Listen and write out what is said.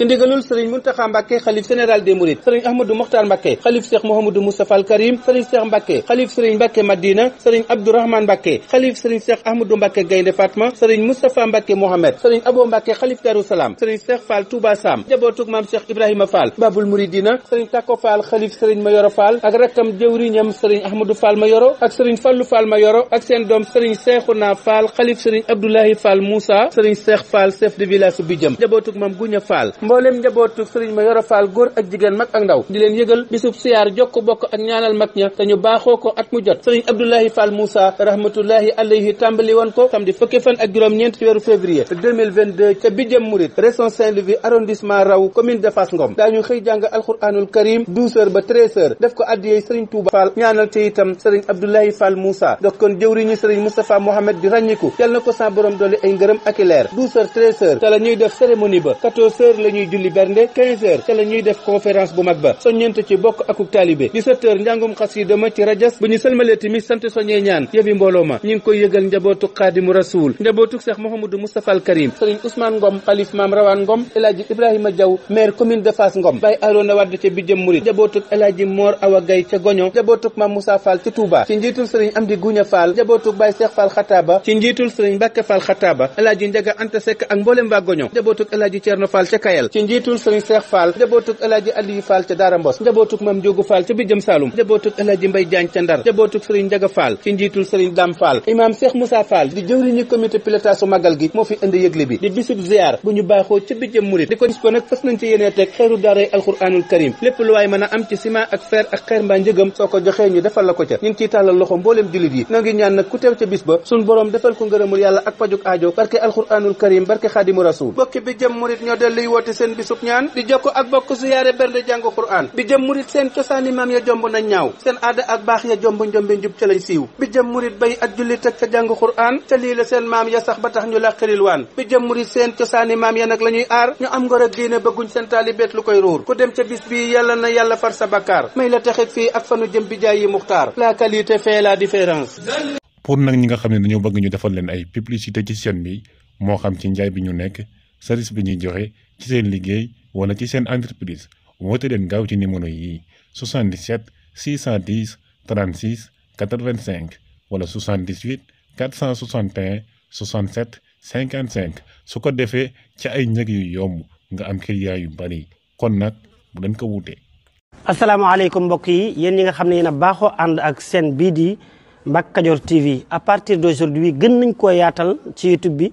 ci ndigalul sëriñ Muntaxa Mbàkke xalif général des Mourides sëriñ Ahmadou Mokhtar Mbàkke xalif Cheikh Mouhamadou Moustapha Al Karim sëriñ Cheikh Mbàkke xalif sëriñ Mbàkke Madina sëriñ Abdourahmane Mbàkke xalif sëriñ Cheikh Ahmadou Mbàkke Gaynde Fatma sëriñ Moustapha Mbàkke Mohamed sëriñ Abo Mbàkke xalif Darou Salam sëriñ Cheikh Fall Touba Sam jabootug maam Cheikh Ibrahima Fall Babul Mouridina sëriñ Tako Fall xalif sëriñ Mayoro Fall ak rakkam jëwriñam sëriñ Ahmadou Fall Mayoro ak sëriñ Fallu Fall Mayoro mbooleem njabootu sëriñ ma yoro faal góor ak jigéen mag ak ndaw di leen yëgal bisub siyaar jokk bokk ak ñaanal mag ña te baaxoo ko at mu jot sëriñ abdoulahi fall moussa rahmatullahi alayhi tàmbali woon ko samedi fukki fan ak juróom-ñeent ci février 2022 ca Bijëm Mouride région Saint-Louis arrondissement raw commune de Fass Ngom daañu xëy jàng alquranul karim ba def ko addiyey sëriñ Touba Fall ñaanal te itam sëriñ abdoulahi fall moussa dokkoon jëwriñu sëriñ i leer 12 heures ñuy julli bernde 15 heures ca la ñuy def conférence bu mag ba soññent ci bokk akuk taalibe 17 heures njàngum xasida ma ci rajas bu ñu sëlmalee timis sant soññee ñaan yëfi mbooloo ma ñi ngi koy yëgal njabootu xaadimu rasuul njabootu Cheikh Mouhamadou Moustapha Karim sëriñ Ousmane Ngom xalif maam Rawaan Ngom El Ibrahima Diaw maire commune de Fass Ngom Baye Arona Wade ca Bijëm Murid njabootuk El Hadji Awa Gaye ca Goño njabootuk Maam Moussa ca Kayal ci njiitul sëriñ Seex Fall njabootug El Hadj Aliou ca Daara Mbos njabootug Mam Jógu Fall ca Bijëm Saloum njabootug El Hadj Jaañ ca Ndar njabootug sëriñ Njaga Fall ci njiitul sëriñ Dam Fall imaam Seex Moussa Fall di jëwriñu comité pilotage magal gi moo fi indi yëgle bi di bisub ziar bu ñu baaxoo ca Bijëm Murit di ko gis ko nag fas nañ ci yéenee teg xeeru daaray alxuraanul karim lépp lu waay mën a am ci ciment ak fer ak xeer mbaa ko joxee ñu defal la ko ca ñu ngi ciy tàllal loxo mbooleem jullit yi noo ngi ku teew ca bis ba suñ ko ngërëmul yàlla ak pajuk aajo seen bisub ñaan di jokko ak bokk ziyaare bernde jàng Qur'an bi jëm murit seen cosaani maam ya jomb nañ ñaaw seen aada ak baax ya jomb njombe njub ca lay siiw bi jëm murit bay ak jullit ak ca jàng Qur'an ca lii la seen maam ya sax ba tax ñu làqiril waan bi jëm murit seen cosaani maam ya nag la ñuy aar ñu am ngor ak diine bëgguñ seen taalibeet lu koy róor ku dem ca bis bii yàlla na yàlla far sa bakkaar may la texeg fii ak fanu jëm bi jaay yi muxtaar la qualité fait la différence pour nag ñi nga xam ne dañoo bëgg ñu defal leen ay publicité ci seen bi moo xam ci njaay bi ñu nekk service bi ñuy joxe ci seen liggéey wala ci seen entreprise woote leen ngaaw ci numéro yi 77 610 36 85 wala 78 461 67 55 su ko defee ci ay njëg yu yomb nga am client yu bari kon nag bu leen ko wuute. asalaamaaleykum mbokk yi yéen ñi nga xam ne yéen a baaxoo ànd ak seen bii di Mbacke Kadior TV à partir d'aujourd'hui gën nañ ko yaatal ci YouTube bi.